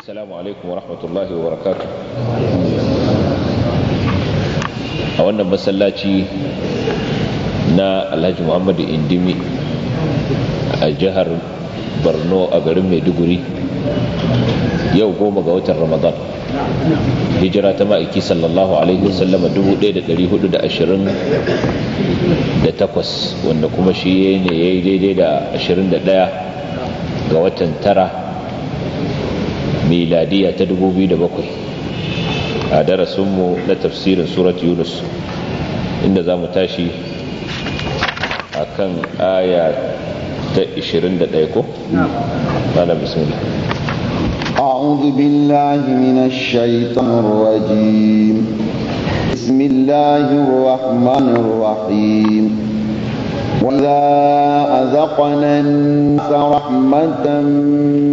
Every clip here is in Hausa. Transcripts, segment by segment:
Assalamu alaikum wa rahmatullahi wa barakatu. A wannan masallaci na Alhaji Muhammadu Indimi a jihar Borno a garin Maiduguri yau goma ga watan Ramadan. Hijira ta ma'aiki sallallahu Alaihi wasallama 1428 wanda kuma shi ne ya yi daidai da 21 ga watan tara miladiya ta 2007 a darasinmu na tafsirin surat yunus inda za mu tashi a kan aya ta 21 ko? na bismillah أعوذ بالله من الشيطان الرجيم بسم الله الرحمن الرحيم وإذا أذقنا الناس رحمة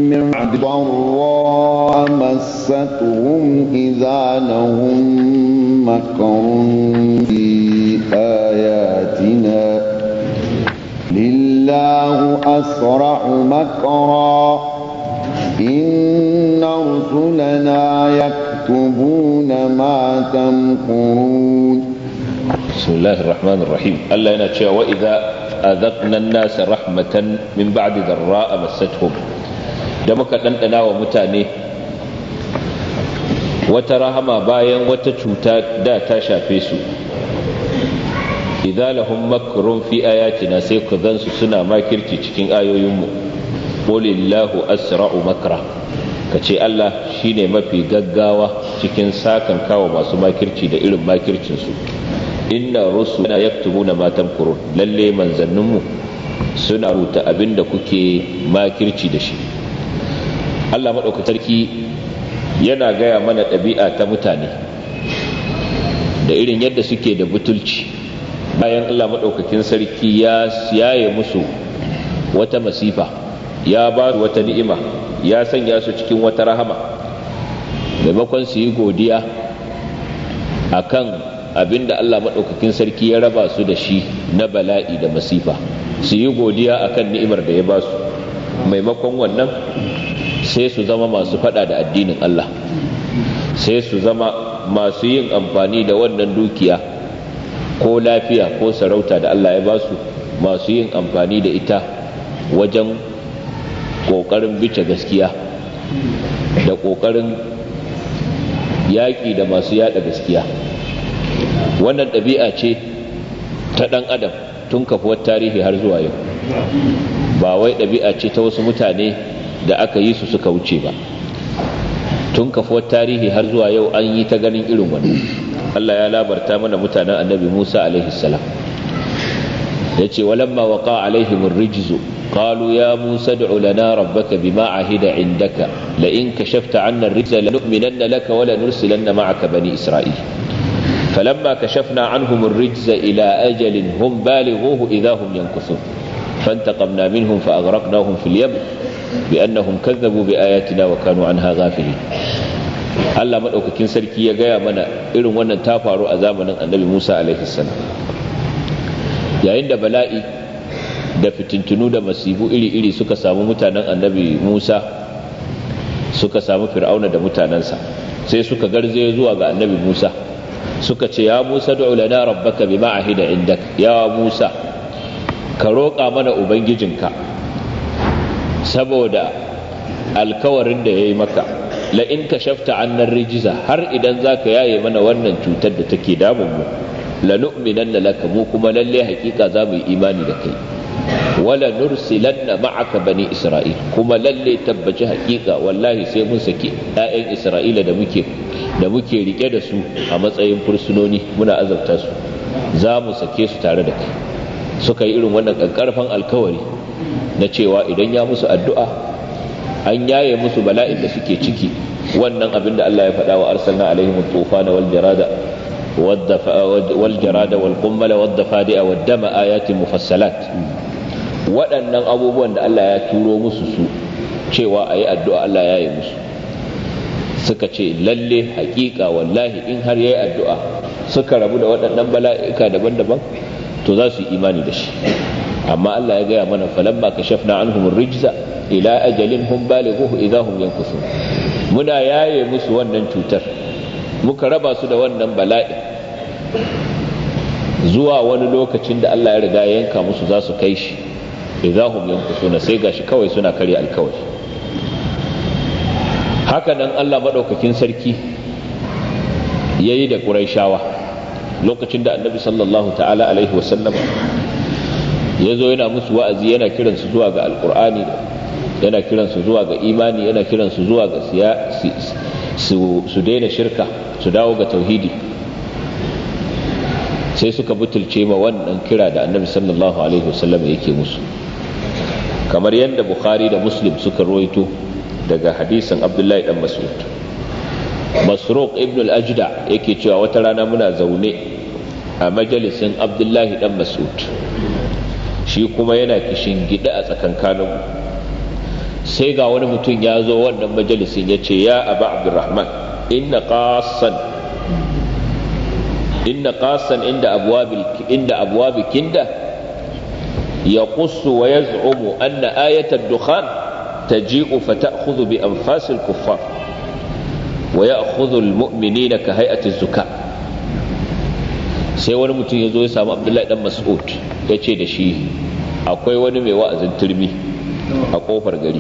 من بعد ضراء مستهم إذا لهم مكر في آياتنا لله أسرع مكرا إن رسلنا يكتبون ما تمكرون bismillahir rahmanir Allah yana cewa wa idza adaqna nasa rahmatan min ba'di darra'a massatuhum da muka dandana wa mutane wata rahama bayan wata cuta da ta shafe su idza lahum makrun fi ayatina sai ku suna makirci cikin ayoyinmu qulillahu asra'u makra ka ce Allah shine mafi gaggawa cikin sakan kawo masu makirci da irin makircinsu inna rusulana yaktubuna ma tamkurun lalle manzanninmu suna ruta abin da kuke makirci da shi Allah maɗaukaki sarki yana gaya mana ɗabi'a ta mutane da irin yadda suke da butulci bayan Allah maɗaukakin sarki ya yaye musu wata masifa ya ba su wata ni'ima ya sanya su cikin wata rahama maimakon su yi godiya a kan. Abin da Allah maɗaukakin sarki ya raba su da shi na bala'i da masifa su yi godiya akan ni'imar da ya ba su maimakon wannan sai su zama masu fada da addinin Allah sai su zama masu yin amfani da wannan dukiya ko lafiya ko sarauta da Allah ya ba su masu yin amfani da ita wajen ƙoƙarin bice gaskiya da ƙoƙarin yaƙi da masu yaɗa gaskiya wannan ɗabi'a ce ta ɗan adam tun kafuwar tarihi har zuwa yau ba wai ɗabi'a ce ta wasu mutane da aka yi su suka wuce ba tun kafuwar tarihi har zuwa yau an yi ta ganin irin wani. Allah ya labarta mana mutanen annabi Musa alaihi salam yace walamma waqa alaihim ar-rijzu qalu ya Musa ad'u lana rabbaka bima ahida indaka la in kashafta 'anna ar-rijza lanu'minanna laka wa lanursilanna ma'aka bani isra'il فلما كشفنا عنهم الرجز إلى أجل هم بالغوه إذا هم ينكثون فانتقمنا منهم فأغرقناهم في اليم بأنهم كذبوا بآياتنا وكانوا عنها غافلين Allah maɗaukakin sarki ya gaya mana irin wannan ta faru a zamanin annabi Musa salam yayin da bala'i da fitintunu da masifu iri-iri suka samu mutanen annabi Musa suka samu fir'auna da mutanensa sai suka garzaye zuwa ga annabi Musa suka ce ya Musa du'u lana rabbaka bi ma'ahida indak ya Musa ka roƙa mana ubangijinka saboda alkawarin da yayi maka la in shafta annar rijiza har idan zaka yaye mana wannan cutar da take damun mu la nu'minanna laka mu kuma lalle hakika za mu yi imani da kai wala nursilanna ma'aka bani isra'il kuma lalle tabbaci hakika wallahi sai mun sake ƴaƴan isra'ila da muke da muke rike da su a matsayin fursunoni muna azabta su za mu sake su tare da kai suka yi irin wannan kankarfan alkawari na cewa idan ya musu addu'a an yaye musu bala'in da suke ciki wannan abin da Allah ya faɗa wa arsalna alaihim tufana wal jarada wal jarada wal qummala wad dafadi'a wad dama ayatin mufassalat waɗannan abubuwan da Allah ya turo musu su cewa a yi addu'a Allah ya yi musu suka ce lalle haƙiƙa wallahi in har ya yi addu'a suka rabu da waɗannan bala'ika daban-daban to za su yi imani da shi amma Allah ya gaya mana na an anhum rijza ila ajalin hum balighuhu hun yanku su muna yaye musu wannan cutar muka raba su da wannan bala'i zuwa wani lokacin da Allah ya riga yanka musu za su kai shi idahum yanqusuna sai gashi kawai suna karya alkawari haka nan Allah madaukakin sarki yayi da Qurayshawa lokacin da Annabi sallallahu ta'ala alaihi wasallam yazo yana musu wa'azi yana kiransu zuwa ga alqur'ani yana kiransu zuwa ga imani yana kiransu zuwa ga su daina shirka su dawo ga tauhidi sai suka butulce ma wannan kira da annabi sallallahu alaihi wasallam yake musu kamar yadda bukhari da muslim suka ruwaito daga hadisin abdullahi dan mas'ud masruq ibn al-ajda yake cewa wata rana muna zaune a majalisin abdullahi dan mas'ud shi kuma yana kishin gida a tsakankanin sai ga wani mutum ya zo wannan majalisin ya ce ya abu abdurrahman inna qasan inna qasan inda abwabil inda abwabikinda يقص ويزعم أن آية الدخان تجيء فتأخذ بأنفاس الكفار ويأخذ المؤمنين كهيئة الزكاء sai wani mutum ya zo ya samu abdullahi dan mas'ud ya ce da shi akwai wani mai wa'azin turmi a kofar gari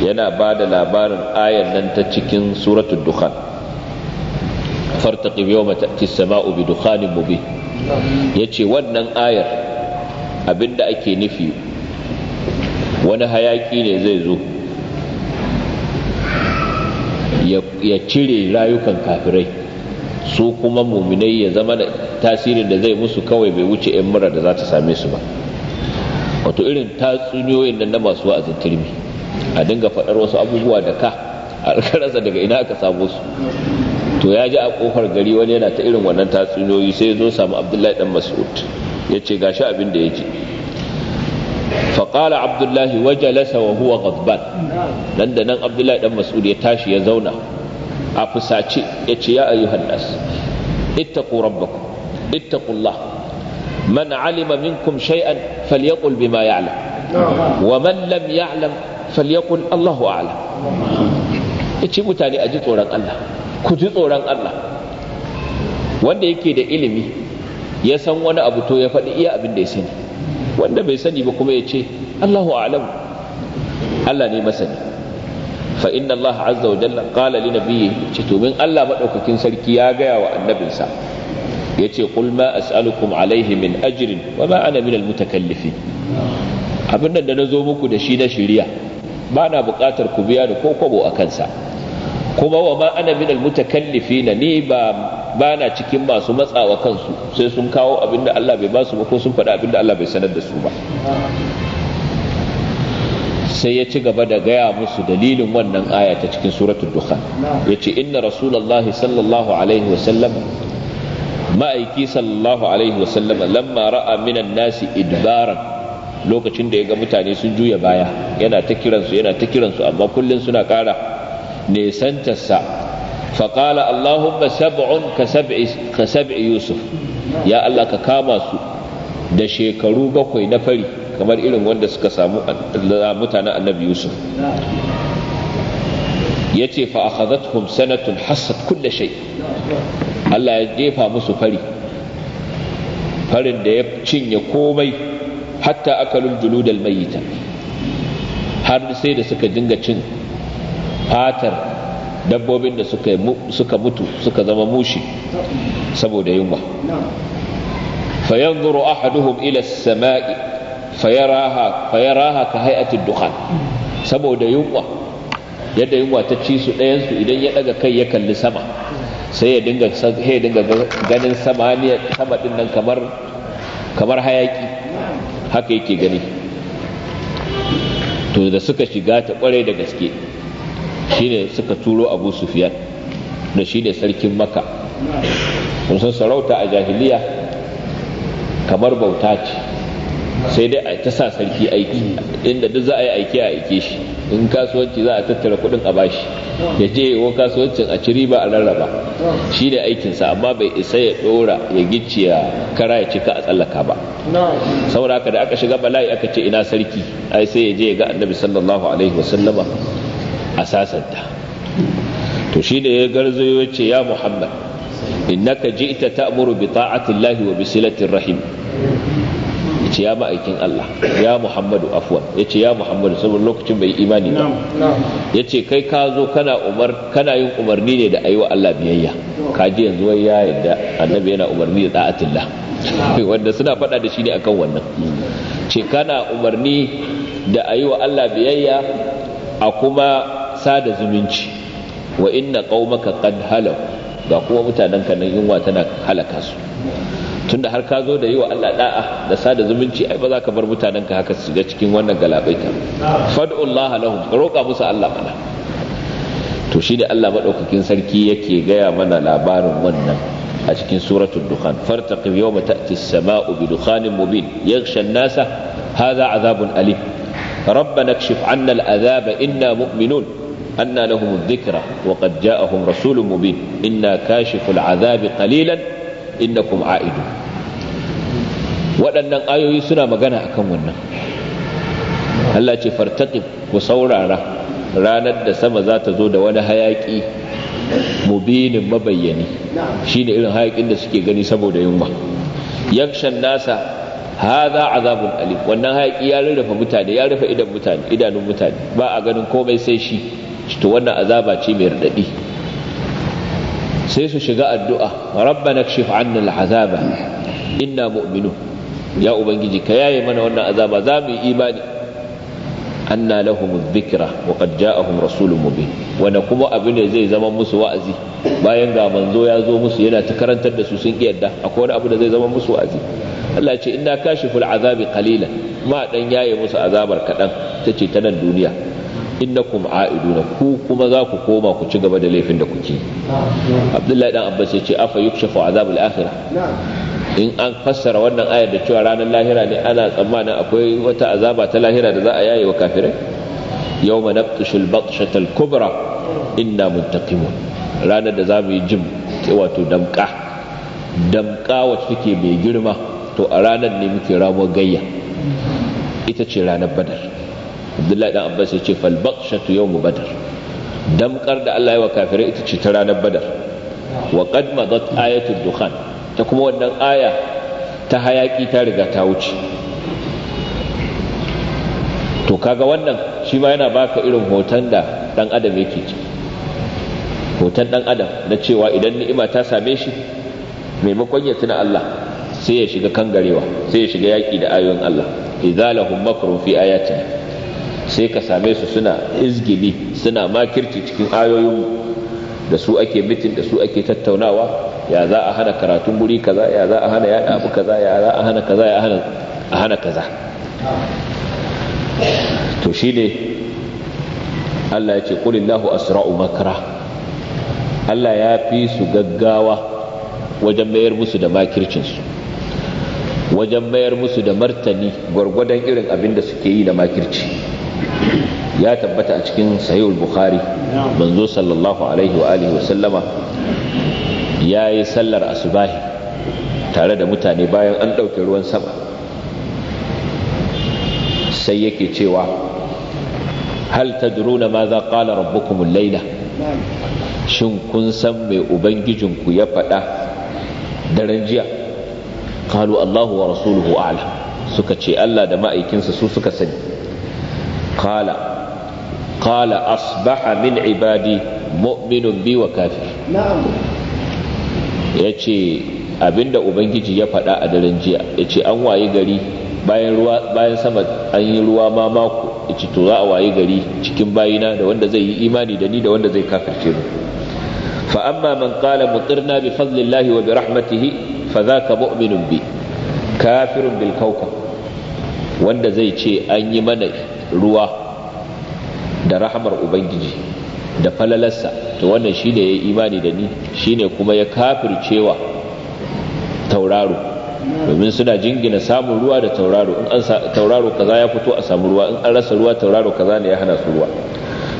yana ba da labarin ayan nan ta cikin suratul dukhan fartaqib yawma ta'ti bi dukhanin mubin yace wannan ayar abinda ake nufi wani hayaki ne zai zo ya cire rayukan kafirai su kuma muminai ya zama da tasirin da zai musu kawai bai wuce 'yan mura da za ta same su ba wato irin tatsuniyoyin nan na masu wa'azin turmi a dinga faɗar wasu abubuwa da ka a rasa daga ina aka samu su to ya ji a kofar gari wani yana ta irin wannan tatsuniyoyi sai ya zo samu abdullahi dan mas'ud ya ce gashi abin da ya ji faƙala abdullahi wajalasa wa huwa gadban nan da nan abdullahi dan mas'ud ya tashi ya zauna a fusace ya ce ya ayyuhan nas ittaqu rabbakum ittaqullah man alima minkum shay'an falyaqul bima ya'lam wa man lam ya'lam falyaqul Allahu a'lam yace mutane a ji tsoron Allah ku ji tsoron Allah wanda yake da ilimi ya san wani abu to ya faɗi iya abin da ya sani wanda bai sani ba kuma ya ce Allahu a'lam Allah ne masani fa inna Allah azza wa jalla qala li nabiyyi ce to min Allah madaukakin sarki ya gaya wa annabinsa yace qul ma as'alukum alaihi min ajrin wa ma ana min almutakallifin abin da nazo muku da shi na shirya, ba na buƙatar ku biya da ko kobo a kansa kuma wa ma ana min almutakallifin ni ba ba na cikin masu matsawa kansu sai sun kawo abin da Allah bai ba su ba ko sun faɗi abin da Allah bai sanar da su ba sai ya ci gaba da gaya musu dalilin wannan aya ta cikin suratul dukhan ce inna rasulullahi sallallahu alaihi wa sallam ma'aiki sallallahu alaihi wa sallam lamma ra'a minan nasi idbaran lokacin da ya ga mutane sun juya baya yana ta kiransu yana ta kiransu amma kullum suna ƙara nesantarsa فقال اللهم سبع كسبع, كسبع يوسف يا الله ككاما سو da shekaru bakwai na fari kamar irin wanda suka samu mutanen annabi yusuf ya ce fa akhadathum sanatun hassat kulle shai. Allah ya jefa musu fari farin da ya cinye komai hatta akalul juludal mayyita har sai da suka dinga cin fatar dabbobin da suka mutu suka zama mushi saboda yunwa fayanzuru ahaduhum ila sama'i fayaraha fayaraha ka hay'atid dukhan saboda yunwa yadda yunwa ta ci su ɗayan su idan ya daga kai ya kalli sama sai ya dinga sai dinga ganin sama ne sama din nan kamar kamar hayaki haka yake gani to da suka shiga ta kware da gaske shine suka turo abu sufiyan da shine sarkin maka sun sarauta a jahiliya kamar bauta ce sai dai ta sa sarki aiki inda duk za a yi aiki a aike shi in kasuwanci za a tattara kudin a bashi ya je wa kasuwancin a ci riba a rarraba shi ne aikinsa amma bai isa ya dora ya gicci ya kara ya cika a tsallaka ba saboda haka da aka shiga bala'i aka ce ina sarki ai sai ya je ya ga annabi sallallahu alaihi wasallama a sasanta to shi da ya garzayo ya ce ya muhammad innaka ita ta'muru bi ta'atillahi wa bi silatin rahim yace ya ma'aikin Allah ya Muhammadu afwan yace ya Muhammadu saboda lokacin bai imani ba yace kai ka zo kana umar kana yin umarni ne da ayiwa Allah biyayya ka ji yanzu wai ya yadda annabi yana umarni da da'atillah wanda suna faɗa da shi ne akan wannan ce kana umarni da ayiwa Allah biyayya a kuma sada zumunci wa inna qaumaka qad halau ga kuma mutanen na nan yunwa tana halaka su tunda har ka zo da yi wa Allah da'a da sada zumunci ai ba za ka bar mutanen ka haka su shiga cikin wannan galabaita fad'ullah lahum roƙa musu Allah mana to shi da Allah madaukakin sarki yake gaya mana labarin wannan a cikin suratul dukhan fartaqib yawma ta'ti as-sama'u bi dukhanin mubin yaghsha an-nasa hadha 'adhabun alim ربنا اكشف عنا العذاب إنا مؤمنون anna lahum dhikra wa qad ja'ahum rasulun mubin inna kashiful azabi qalilan innakum a'idun waɗannan ayoyi suna magana akan wannan Allah ce fartaqib ku saurara ranar da sama za ta zo da wani hayaƙi mubinin mabayyani ne irin hayaƙin da suke gani saboda yunwa yakshan nasa haza azabun alif. wannan hayaƙi ya rarrafa mutane ya rufe idan mutane idanun mutane ba a ganin komai sai shi to wannan azaba ce mai radadi sai su shiga addu'a rabbana kashif anna al'azaba inna mu'minu ya ubangiji ka yaye mana wannan azaba za mu yi imani anna lahum dhikra wa qad ja'ahum rasulun mubin wanda kuma abin ne zai zama musu wa'azi bayan ga manzo ya zo musu yana ta karantar da su sun ki yadda akwai wani abu da zai zama musu wa'azi Allah ce inna kashiful azabi qalilan ma dan yaye musu azabar kadan tace ta nan duniya innakum a'iduna ku kuma za ku koma ku ci gaba da laifin da kuke abdullahi dan abbas ya ce afa yukshafu azabul akhirah in an fassara wannan ayar da cewa ranar lahira ne ana tsammanin akwai wata azaba ta lahira da za a yaye wa kafirai yawma nabtishul batshatal kubra inna muntaqimun ranar da za mu yi jim wato damka damka wacce take mai girma to a ranar ne muke ramuwar gayya ita ce ranar badar abdullahi dan abbas ya ce fal baqshatu yawm badar damkar da Allah ya wa kafirai ita ce ta ranar badar wa qad madat ayatu dukhan ta kuma wannan aya ta hayaki ta riga ta wuce to kaga wannan shi ma yana baka irin hoton da dan adam yake ci hoton dan adam na cewa idan ni'ima ta same shi maimakon ya tuna Allah sai ya shiga kangarewa sai ya shiga yaki da ayoyin Allah idza lahum makrun fi ayatina sai ka same su suna izgili suna makirci cikin ayoyin da su ake mitin da su ake tattaunawa ya za a hana karatun guri kaza ya za a hana yaɗa abu kaza ya za a hana kaza ya hana a hana kaza to shi ne Allah ya ce kulillahu asra'u makara Allah ya fi su gaggawa wajen mayar musu da makircinsu wajen mayar musu da martani gwargwadon irin abin da suke yi da makirci ya tabbata a cikin sahihul bukhari manzo sallallahu alaihi wa alihi wa sallama ya yi sallar asubahi tare da mutane bayan an ɗauki ruwan sama sai yake cewa hal tadruna ma za qala rabbukum al-laila shin kun san mai ubangijinku ya faɗa daren jiya qalu allahu wa rasuluhu a'lam suka ce allah da ma'aikinsa su suka sani qala asbaha min ibadi mu'minun bi wa kafir na'am yace abinda ubangiji ya faɗa a daren jiya yace an waye gari bayan ruwa bayan sama an yi ruwa ma mako to za a waye gari cikin bayina da wanda zai yi imani da ni da wanda zai kafirce mu fa amma man qala mutirna bi fadlillahi wa bi rahmatihi fa dhaka mu'minun bi kafirun bil kawkab wanda zai ce an yi mana ruwa da rahamar ubangiji da falalarsa to wannan shine ya imani da ni shine kuma ya kafircewa tauraro domin suna jingina samun ruwa da tauraro in an tauraro kaza ya fito a samu ruwa in an rasa ruwa tauraro kaza ne ya hana su ruwa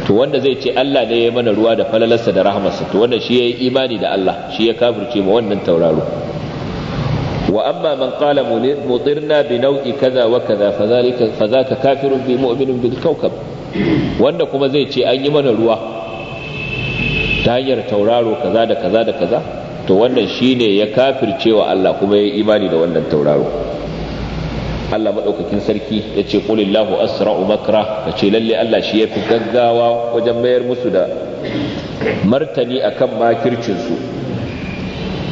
to wanda zai ce Allah ne ya mana ruwa da falalarsa da rahamarsa to wannan shi ya yi imani da Allah shi ya kafirce ma wannan tauraro wa amma man qala mudirna bi nau'i kaza wa kaza fadhalika fadhaka kafirun bi mu'minun bil kawkab wanda kuma zai ce an yi mana ruwa ta hanyar tauraro kaza da kaza da kaza to wannan shine ya kafirce wa Allah kuma ya yi imani da wannan tauraro Allah maɗaukakin sarki ya ce qulillahu asra'u makra ka ce lalle Allah shi ya fi gaggawa wajen mayar musu da martani akan makircinsu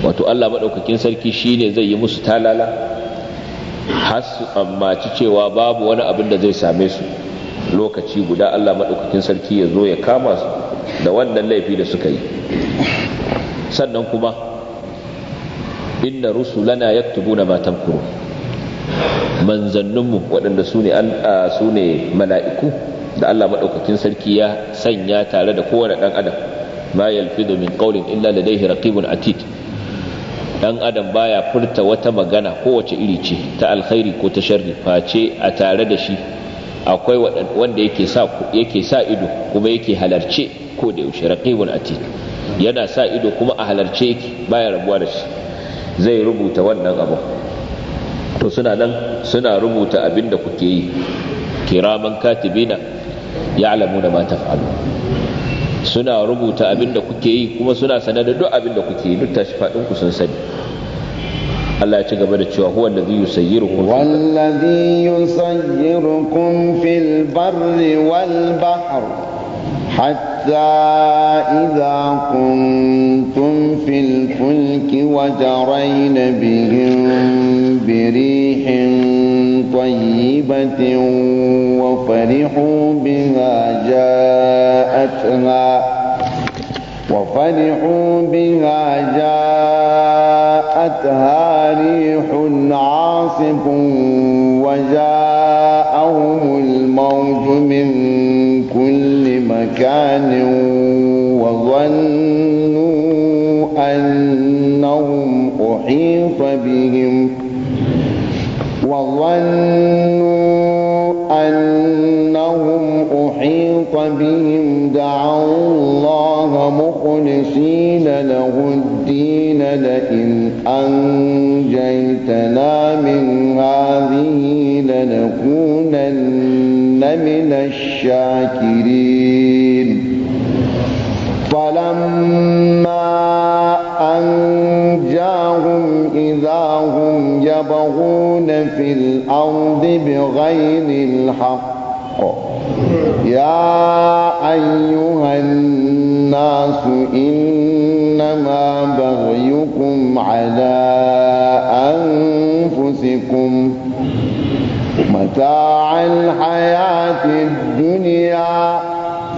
wato Allah maɗaukakin sarki shine zai yi musu talala har su ammaci cewa babu wani abin da zai same su lokaci guda Allah maɗaukakin sarki ya zo ya kama su da wannan laifi da suka yi sannan kuma inna rusulana yaktubuna ma tamkuru manzanninmu waɗanda su ne su mala'iku da Allah maɗaukakin sarki ya sanya tare da kowane ɗan adam ma yalfidu min qawlin illa ladayhi raqibun atid dan adam baya furta wata magana kowace iri ce ta alkhairi ko ta sharri face a tare da shi akwai wanda yake sa yake sa ido kuma yake halarce ko da yaushe raqibun atid yana sa ido kuma a halarce yake baya rabuwa da shi zai rubuta wannan abu to suna nan suna rubuta abin da kuke yi kiraman katibina ya'lamuna ma taf'alu suna rubuta abin da kuke yi kuma suna sanar da duk abin da kuke yi duk tashi faɗin ku sun sani Allah ya ci gaba da cewa huwa allazi yusayyirukum wallazi yusayyirukum fil barri wal bahr حتى إذا كنتم في الفلك وجرين bihim بريح طيبة وفرحوا بها جاءتها وفرحوا بها جاءتها ريح عاصف وجاءهم الموت من كل مكان وظنوا أنهم أحيط بهم وظنوا أنهم أحيط بهم دعوا الله مخلصين له الدين لئن أنجيتنا من هذه لنكونن من الشاكرين فلما الأرض بغير الحق يا أيها الناس إنما بغيكم على أنفسكم متاع الحياة الدنيا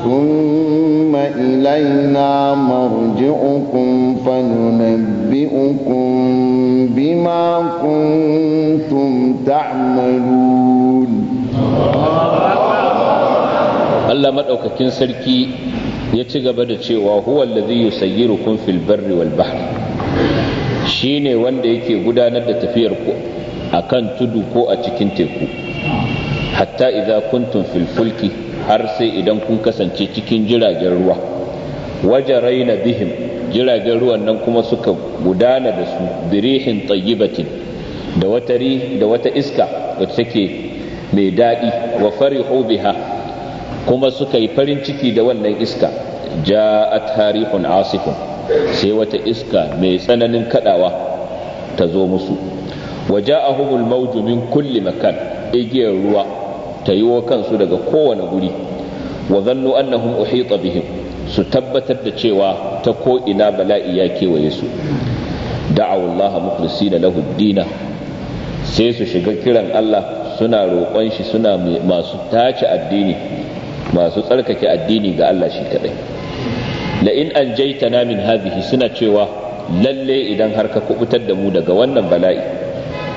ثم إلينا مرجعكم فننبئكم بما كنتم تعملون الله مدوكاكين سركي yaci gaba da cewa huwa allazi yusayyirukum fil barri wal bahr shine wanda yake gudanar da tafiyar ku akan tudu ko a cikin teku hatta idza kuntum fil fulki har sai idan kun kasance cikin jiragen ruwa wajaraina bihim jiragen ruwan nan kuma suka gudana da su birihin tayyibatin da wata da wata iska wacce take mai daɗi wa farihu biha kuma suka yi farin ciki da wannan iska ja'at harihun asifun sai wata iska mai tsananin kadawa ta zo musu wa ja'ahumul mawju min kulli makan igiyar ruwa ta yiwo kansu daga kowane guri wa zannu annahum uhita bihim su tabbatar da cewa ta ko ina bala'i ya kewaye su da'awu Allah da da dina sai su shiga kiran Allah suna roƙon shi suna masu tace addini masu tsarkake addini ga Allah shi lain la in jaita min hadhihi suna cewa lalle idan har ka kubutar da mu daga wannan bala'i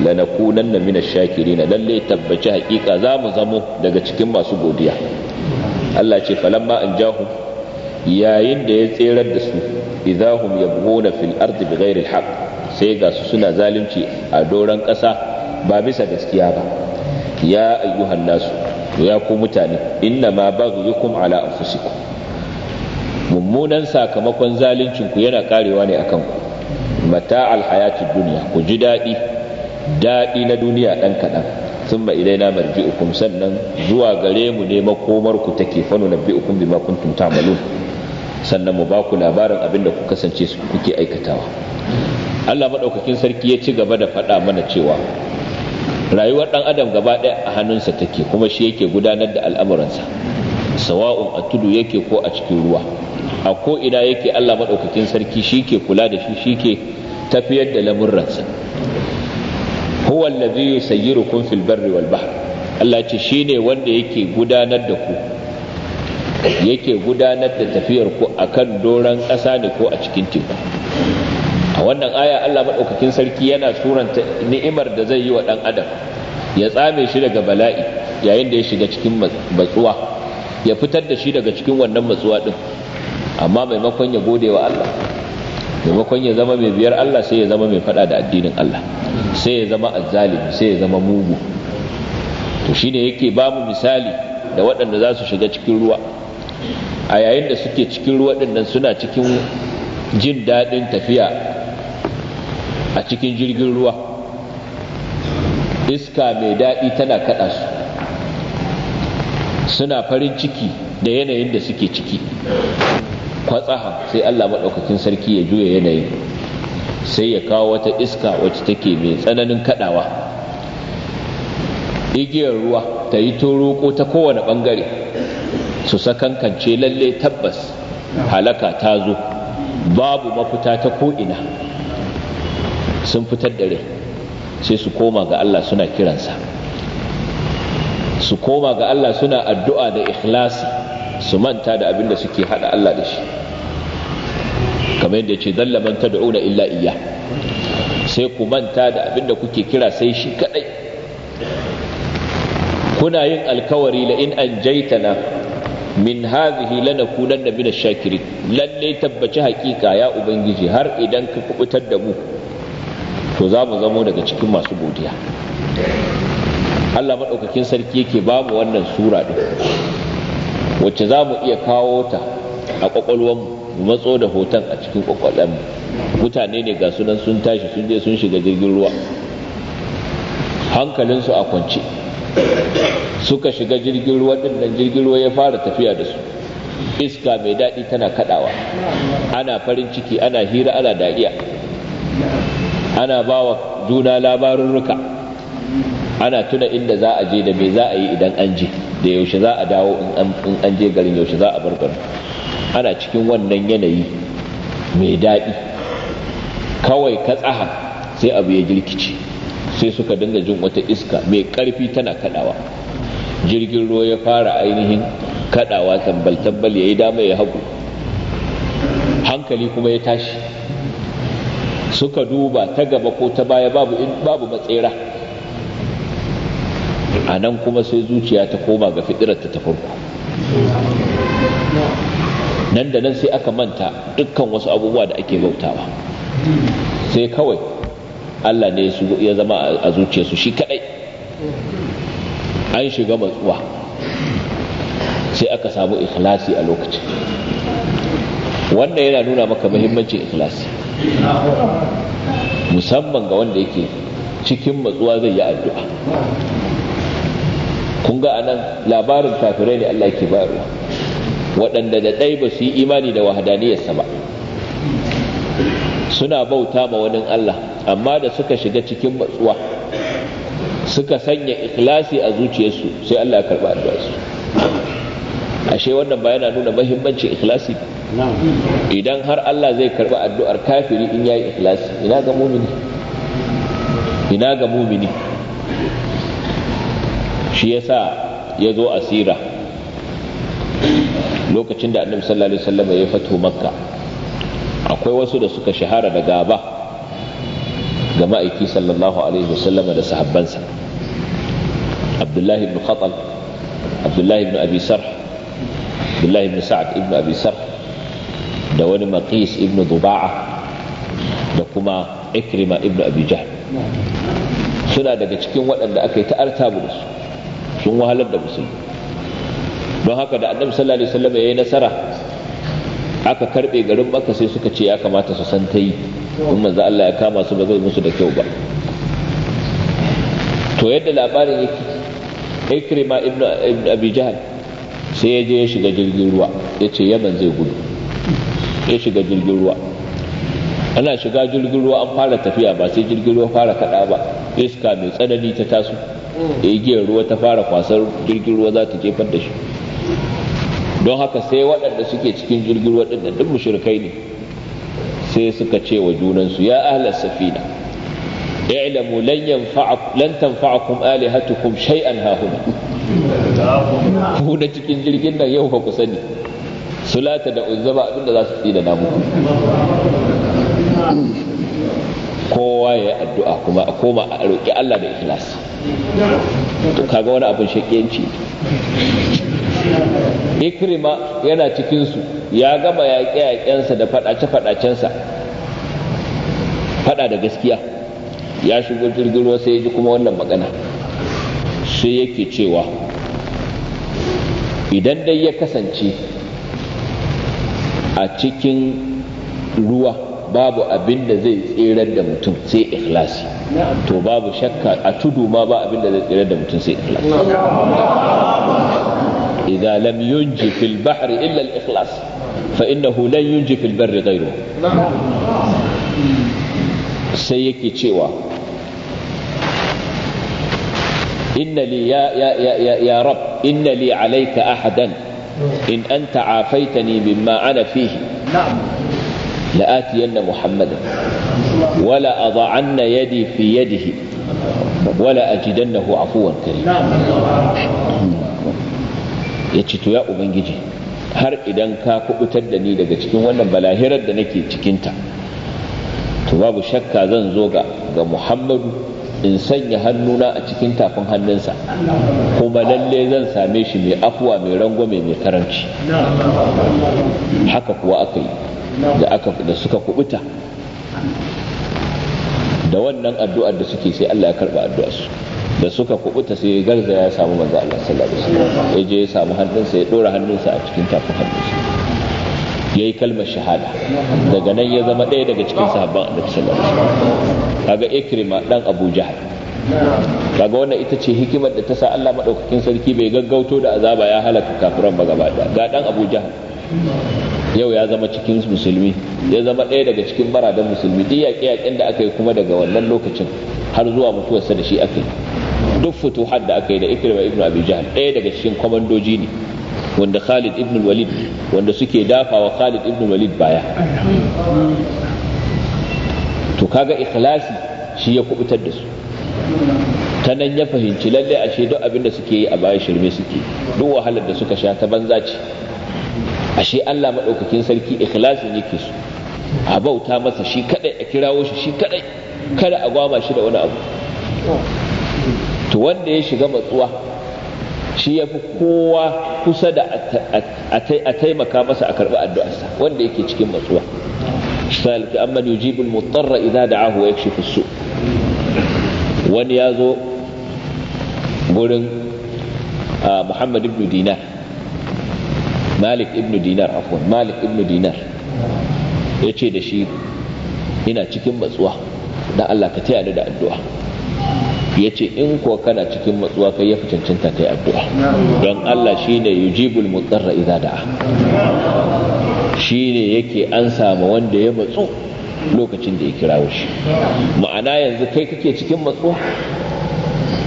na min ash na, lalle tabbaci hakika za mu zamo daga cikin masu godiya Allah ce falamma jahu. yayin da ya tserar da su idahum yabghuna fil ardi bighairi alhaq sai ga su suna zalunci a doran ƙasa ba bisa gaskiya ba ya ayyuhan nasu ya ku mutane inna ma baghyukum ala anfusikum mummunan sakamakon zaluncin ku yana karewa ne akan ku mata alhayatid duniya, ku ji daɗi daɗi na duniya ɗan kaɗan gare mu ne سنن زوا غريم نيما كومر كتكي فننبئكم bima kuntum tamalun sannan mu ba ku labarin abin da ku kasance su kuke aikatawa Allah maɗaukakin sarki ya ci gaba da faɗa mana cewa rayuwar ɗan adam gaba ɗaya a hannunsa take kuma shi yake gudanar da al'amuransa sawa'un a tudu yake ko a cikin ruwa a ko ina yake Allah maɗaukakin sarki shi ke kula da shi shi ke tafiyar da lamurransa huwa allazi yusayyirukum fil barri wal bahr Allah ce shine wanda yake gudanar da ku yake gudanar da tafiyar ku kan doron ƙasa ne ko a cikin teku a wannan aya Allah maɗaukakin sarki yana suranta ni'imar da zai yi wa ɗan adam ya tsame shi daga bala'i yayin da ya shiga cikin matsuwa ya fitar da shi daga cikin wannan matsuwa ɗin amma maimakon ya gode wa Allah maimakon ya zama mai biyar Allah sai ya zama mai faɗa da addinin Allah sai ya zama azzalim sai ya zama mugu to shine yake ba mu misali da waɗanda za su shiga cikin ruwa a yayin da suke cikin ruwa ɗin nan suna cikin jin daɗin tafiya a cikin jirgin ruwa iska mai daɗi tana kaɗa su suna farin ciki da yanayin da suke ciki kwatsaha sai Allah maɗaukacin sarki ya juya yanayin sai ya kawo wata iska wacce take mai tsananin kaɗawa igiyar ruwa ta yi ko ta kowane ɓangare su sakankance lalle tabbas halaka ta zo babu mafita ta ko'ina sun fitar da rai sai su koma ga Allah suna kiransa su koma ga Allah suna addu'a da ikhlasi su manta da abin da suke hada Allah da shi kamar yadda ce zallaman ta da'una illa iya sai ku manta da abin da kuke kira sai shi kadai kuna yin alkawari la in an jaitana min hadhihi lanakunanna min ash-shakirin lalle tabbaci hakika ya ubangiji har idan ka kubutar da mu to za mu zamo daga cikin masu godiya Allah maɗaukakin sarki yake mu wannan sura din wacce za mu iya kawo ta a kwakwalwar mu matso da hoton a cikin ƙwaƙwalwanmu mutane ne ga sunan sun tashi sun je sun shiga jirgin ruwa hankalinsu a kwance suka shiga jirgin ruwa dinnan jirgin ruwa ya fara tafiya da su iska mai daɗi tana kaɗawa ana farin ciki ana hira ana dariya ana ba wa juna ruka, ana tuna inda za a je da me za a yi idan an je da yaushe za a dawo in an je garin yaushe za a bar garin ana cikin wannan yanayi mai daɗi kawai ka tsaha sai abu ya jirkice sai suka dinga jin wata iska mai karfi tana kadawa jirgin ruwa ya fara ainihin kadawa tambal-tambal ya yi dama ya hagu hankali kuma ya tashi suka duba ta gaba ko ta baya babu babu matsera a nan kuma sai zuciya ta koma ga fitirarta ta farko nan da nan sai aka manta dukkan wasu abubuwa da ake bautawa sai kawai Allah ne ya zama a zuciyarsu shi kadai an shiga matsuwa sai aka samu ikhlasi a lokacin wannan yana nuna maka muhimmancin ikhlasi musamman ga wanda yake cikin matsuwa zai yi addu'a kun ga anan labarin kafirai ne Allah yake bayarwa waɗanda da ɗai ba su yi imani da wahadaniyarsa ba suna bauta ma wani Allah amma da suka shiga cikin matsuwa suka sanya ikhlasi a zuciyarsu sai Allah ya karba addu'arsu ashe wannan ba yana nuna muhimmancin ikhlasi idan har Allah zai karba addu'ar kafiri in yayi ikhlasi ina ga mumini ina ga mumini shi yasa ya zo asira lokacin da annabi sallallahu alaihi wasallam ya fito makka akwai wasu da suka shahara da gaba ga ma'aiki sallallahu alaihi wasallama da sahabbansa abdullahi ibn khatal abdullahi ibn abi sarh abdullahi ibn sa'ad ibn abi sarh da wani maqis ibn duba'a da kuma ikrima ibn abi jahl suna daga cikin waɗanda aka yi ta artabu da su sun wahalar da musulmi don haka da annabi sallallahu alaihi wasallam ya yi nasara aka karbe garin maka sai suka ce ya kamata su san ta yi in manzo Allah ya kama su ba zai musu da kyau ba to yadda labarin yake ikrima ibn abi jahl sai ya je ya shiga jirgin ruwa ya ce yaman zai gudu ya shiga jirgin ruwa ana shiga jirgin ruwa an fara tafiya ba sai jirgin ruwa fara kada ba iska mai tsanani ta taso mm. igiyar ruwa ta fara kwasar jirgin ruwa za ta jefar da shi don haka sai waɗanda suke cikin jirgin waɗanda duk mushrikai ne sai suka ce wa junansu ya ahlas safina i'lamu lan yanfa'akum lan tanfa'akum alihatukum shay'an hahuna ku da cikin jirgin nan yau fa ku sani sulata da uzza ba abinda za su tsida da namu. kowa ya addu'a kuma a koma a roƙi Allah da ikhlas to kaga wani abin shakiyanci ikrima yana cikinsu ya gama yaƙe-yaƙensa da faɗace-faɗacensa faɗa da gaskiya ya shigo jirgin ruwa sai ya ji kuma wannan magana sai yake cewa idan dai ya kasance a cikin ruwa babu abin da zai tserar da mutum sai ikhlasi to babu shakka a tudu ma ba abin da zai tserar da mutum sai ikhlasi إذا لم ينجي في البحر إلا الإخلاص فإنه لن ينجي في البر غيره سيكي تشيوا إن لي يا, يا, يا, يا رب إن لي عليك أحدا إن أنت عافيتني مما أنا فيه نعم لآتين محمدا ولا أضعن يدي في يده ولا أجدنه عفوا كريما ya ci tuya ubangiji har idan ka kubutar da ni daga cikin wannan balahirar da nake cikinta to babu shakka zan zo ga ga muhammadu in sanya hannuna a cikin tafin hannunsa kuma lalle zan same shi mai afuwa mai rangwame mai karanci haka kuwa aka yi da aka da suka kubuta da wannan addu'ar da suke sai Allah ya karba addu'arsu da suka kubuta sai garza ya samu manzo Allah sallallahu alaihi wasallam ya je ya samu hannunsa ya dora hannunsa a cikin tafin hannunsa ya yi kalmar shahada daga nan ya zama ɗaya daga cikin sahabban annabi sallallahu alaihi wasallam kaga ikrima dan abu jahal kaga wannan ita ce hikimar da ta sa Allah madaukakin sarki bai gaggauto da azaba ya halaka kafiran ba gaba da ga dan abu jahal yau ya zama cikin musulmi ya zama ɗaya daga cikin maradan musulmi duk yaƙe-yaƙen da aka yi kuma daga wannan lokacin har zuwa mutuwarsa da shi aka yi duk futuhar da aka yi da ikrima ibn abi jahal ɗaya daga cikin kwamandoji ne wanda khalid ibn walid wanda suke dafawa khalid ibn walid baya to kaga ikhlasi shi ya kubutar da su ta nan ya fahimci lalle ashe duk abinda suke yi a baya shirme suke duk wahalar da suka sha ta banza ce ashe Allah maɗaukakin sarki ikhlasin yake su a bauta masa shi kadai a kirawo shi shi kadai kada a gwama shi da wani abu to wanda ya shiga matsuwa shi ya fi kowa kusa da a taimaka masa a karɓi addu'arsa wanda yake cikin matsuwa salika amman yujibu jibin mutarra da ahu ya shi su wani ya zo gurin muhammad ibn dinar malik ibn dinar Afon malik ibn dinar ya ce da shi ina cikin matsuwa don Allah ka taya da addu'a ya ce in ko kana cikin matsuwa kai ya fi cancanta kai addu'a don Allah shi ne yujibul mutsarra idza da'a shi ne yake an samu wanda ya matsu lokacin da ya kirawo shi ma'ana yanzu kai kake cikin matsuwa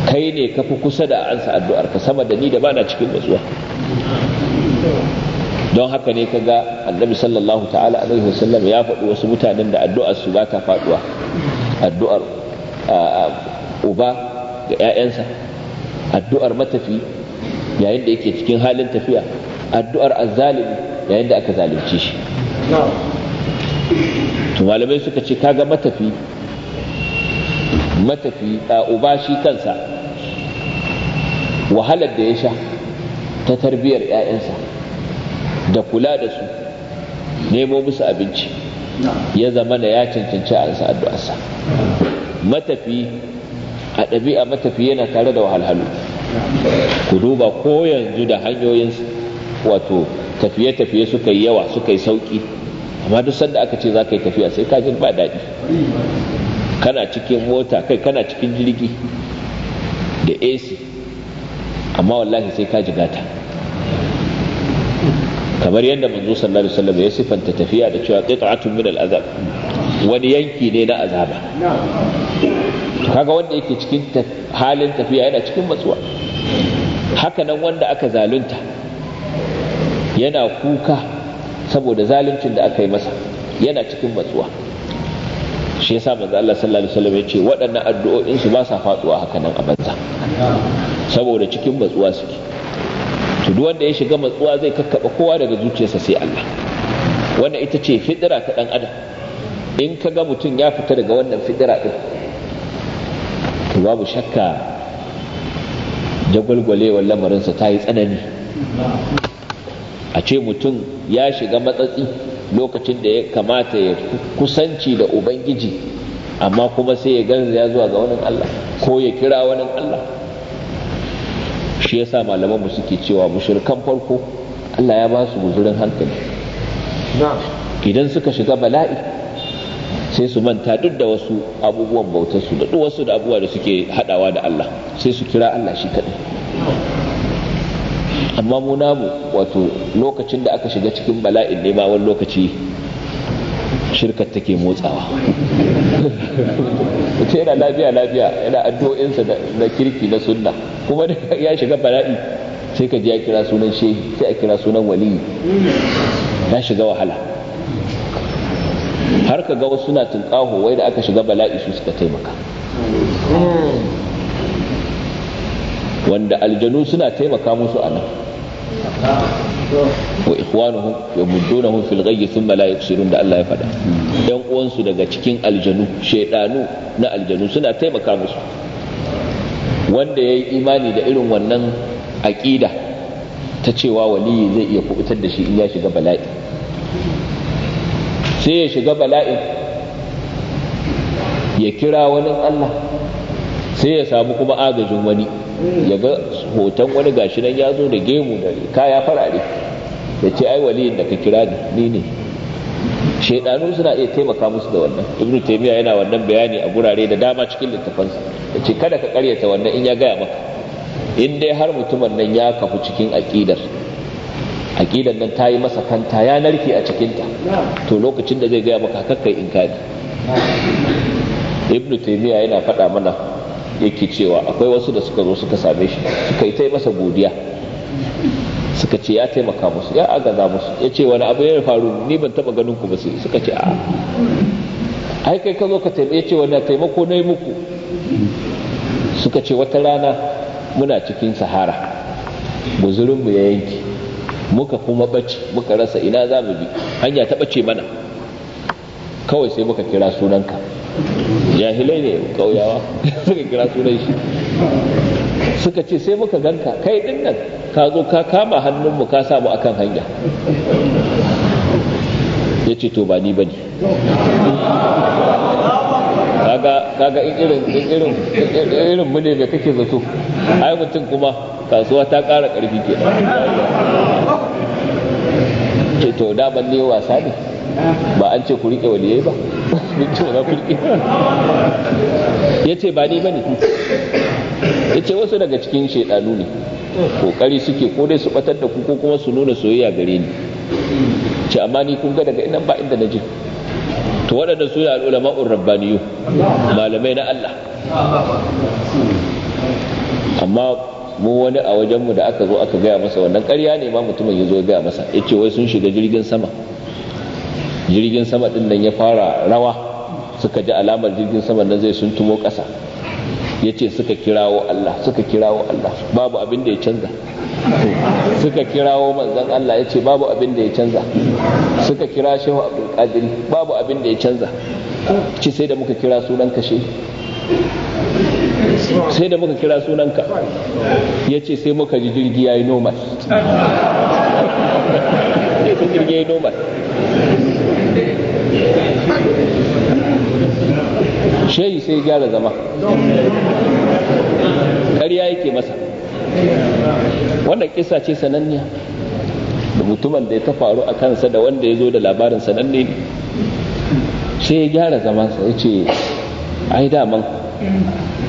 kai ne ka fi kusa da ansa addu'ar ka sama da ni da bana cikin matsuwa don haka ne kaga annabi sallallahu ta'ala alaihi wasallam ya faɗi wasu mutanen da addu'ar su ba ta faɗuwa addu'ar uba ga 'ya'yansa addu'ar matafi yayin da yake cikin halin tafiya addu'ar azalim yayin da aka zalunci shi to malamai suka ce kaga matafi matafi a uba shi kansa wahalar da ya sha ta tarbiyyar 'ya'yansa da kula da su nemo musu abinci ya zama na ya cancanci a addu'arsa matafi a ɗabi'a matafiya yana tare da wahalhalu ku duba ko yanzu da hanyoyin wato tafiye-tafiye suka yi yawa suka yi sauki amma duk sanda aka ce za ka yi tafiya sai ka ji ba daɗi kana cikin mota kai kana cikin jirgi da ac amma wallahi sai ka ji gata kamar yadda manzo sallallahu alaihi wasallam ya sifanta tafiya da cewa qit'atun min al-azab wani yanki ne na azaba kaga wanda yake cikin halin tafiya yana cikin matsuwa haka nan wanda aka zalunta yana kuka saboda zaluncin da aka yi masa yana cikin matsuwa shi yasa manzo Allah sallallahu alaihi wasallam yace waɗannan addu'o'in su ba sa faduwa haka nan a banza saboda cikin matsuwa suke to duk wanda ya shiga matsuwa zai kakkaba kowa daga zuciyarsa sai Allah wannan ita ce fidira ta dan adam in ka ga mutum ya fita daga wannan fitira din to babu shakka jagwalgwalewar lamarinsa ta yi tsanani a ce mutum ya shiga matsatsi lokacin da ya kamata ya kusanci da ubangiji amma kuma sai ya ya zuwa ga wani Allah ko ya kira wani Allah shi ya sa malamanmu suke cewa mushrikan farko Allah ya ba su guzurin hankali idan suka shiga bala'i sai su manta duk da wasu abubuwan bautarsu su da duk wasu da abubuwa da suke hadawa da Allah sai su kira Allah shi kadai amma mu namu wato lokacin da aka shiga cikin bala'in ne ma wani lokaci shirkar take motsawa mutum yana lafiya lafiya yana addu'o'insa na kirki na sunna kuma ya shiga bala'i sai ka ji ya kira sunan shehi sai a kira sunan waliyi ya shiga wahala har ka ga wasu suna tunƙaho wai da aka shiga bala'i su suka taimaka wanda aljanu suna taimaka musu a nan wa ikhwanuhum yamuddunahum fil ghayyi thumma la yaksirun da Allah ya faɗa dan uwansu daga cikin aljanu shaydanu na aljanu suna taimaka musu wanda yayi imani da irin wannan aqida ta cewa waliyi zai iya kubutar da shi in ya shiga bala'i sai ya shiga bala'in ya kira wani Allah sai ya samu kuma agajin wani ya ga hoton wani gashi nan ya zo da gemu da kaya farare ya ce ai waliyin da ka kira ni ne shaidanu suna iya taimaka musu da wannan ibn taymiya yana wannan bayani a gurare da dama cikin littafansa ya ce kada ka karyata wannan in ya gaya maka in dai har mutumin nan ya kafu cikin aqidar aƙidar nan ta yi masa kanta ya narke a cikinta to lokacin da zai gaya maka kakkai inkari ibnu taymiya yana faɗa mana yake cewa akwai wasu da suka zo suka same shi suka yi ta masa godiya suka ce ya taimaka musu ya agaza musu ya ce wani abu ya faru ni ban taba ganin ku ba sai suka ce a ai kai ka zo ka taimaka ya ce wani taimako na yi muku suka ce wata rana muna cikin sahara buzurinmu ya yanki muka kuma bace muka rasa ina za mu bi hanya ta bace mana kawai sai muka kira sunanka jahilai ne kauyawa suka kira sunan shi suka ce sai muka ganka kai din nan ka zo ka kama hannunmu ka samu akan hanya ya ce to ba ni ba ne kaga in irin irin irin mu ne kake zato ai mutum kuma kasuwa ta ƙara ƙarfi ke Ke eh, to da ban ne wasa ne ba an ce ku riƙe waliyai ba ba za ku riƙe ya ce ba ni ba ne ya ce wasu daga cikin shaidanu ne kokari suke ko dai su batar da ku ko kuma su nuna soyayya gare ni ce amma ni kun ga daga inan ba inda na je to waɗannan su ne rabbaniyu malamai na Allah amma mu wani a wajenmu da aka zo aka gaya masa wannan ƙarya ne ma mutumin ya zo gaya masa ya ce wai sun shiga jirgin sama jirgin sama ɗin nan ya fara rawa suka ji alamar jirgin sama nan zai sun tumo ƙasa ya ce suka kirawo Allah suka kirawo Allah babu abin da ya canza suka kirawo manzon Allah ya ce babu abin da ya canza suka kira shehu abdul qadir babu abin da ya canza ci sai da muka kira sunan kashe sai da muka kira sunanka ya ce sai muka ji jirgi ya yi normal jirgi ya yi normal shehi sai gyara zama ƙarya yake masa wannan kisa ce sananniya da mutumin da ya ta faru a kansa da wanda ya zo da labarin sananne ne sai ya gyara zamansa ya ce ai daman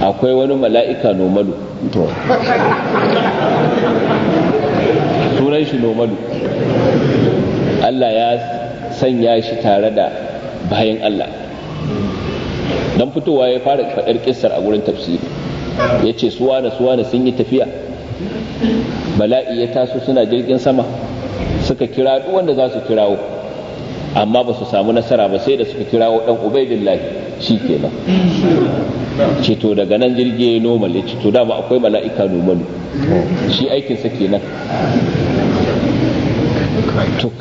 akwai wani mala'ika nomalu sunan shi nomalu Allah ya sanya shi tare da bayan Allah don fitowa ya fara faɗar kissar a gurin tafsiri ya ce suwana suwana sun yi tafiya bala'i ya taso suna jirgin sama suka kira duk wanda za su kirawo amma ba su samu nasara ba sai da suka kirawo dan ubaidillahi shi kenan ceto daga nan jirgi ya noma ya ceto dama akwai mala'ika ne shi aikinsa kenan